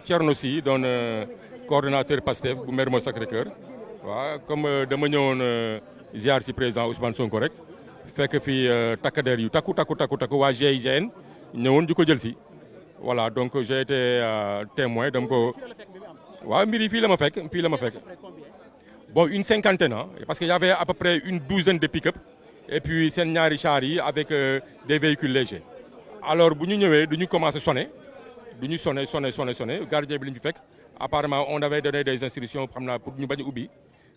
Thierno Sy doon euh, coordonnateur PASTEF bu Mermoz Sacré-Cœur waaw comme euh, dama ñëwoon euh, ziar si président Ousmane ko rek fekk fi takkadeer yu takku takku takku takku waa GIGN ñëwoon di ko jël si voilà donc j'ai été témoin donc waa waaw mbir fii la ma fekk fii la ma fekk bon une cinquantaine ah parce que y avait à peu près une douzaine de pick-up et puis seen ñaari chars yi avec des véhicules légers alors bu ñu ñëwee du ñu commencé sonner bi ñu sonné sonné sonné sonné gardien bi li ñu fekk apparemment on avait donné des instructions pour ñu bañ a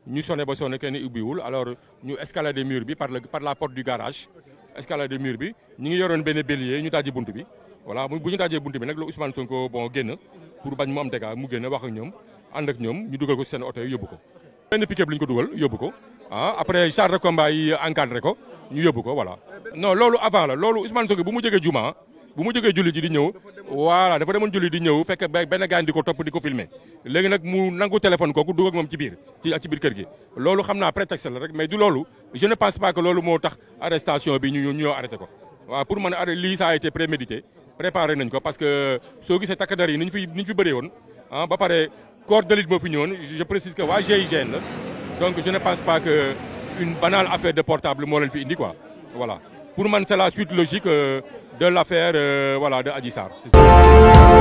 ñu sonné ba sonné kenn ubbiwul alors ñu escalader mur bi par la par du garage escalader mur bi ñu ngi yoroon bélier ñu tàjji bunt bi voilà bu ñu tàjjee bunt bi nag la Ousmane Sonko bon génn pour bañ mu am dégâts mu génn wax ñoom ànd ak ñoom ñu dugal ko seen oto yi yóbbu ko. benn ñu ko dugal yóbbu ko ah après char de combat bu mu jógee julli ji di ñëw voilà dafa demoon julli di ñëw fekk benn gaan di ko topp di ko filmer léegi nag mu nangu téléphone kooku dugg ak moom ci a ci ci biir kër gi loolu xam naa prétexte la rek mais du loolu je ne pense loolu moo tax arrestation bi ñu ñoo arrêté ko waaw pour man a lii ça a été prémédité préparé nañ ko parce que soo gisee takk der ñu fi ni ñu fi bëree woon ah ba pare corps de lutte moo fi ñëwoon je précise que waa la donc je ne que une pour man c'est la suite logique euh, de l'affaire euh, voilà de Adji Sarr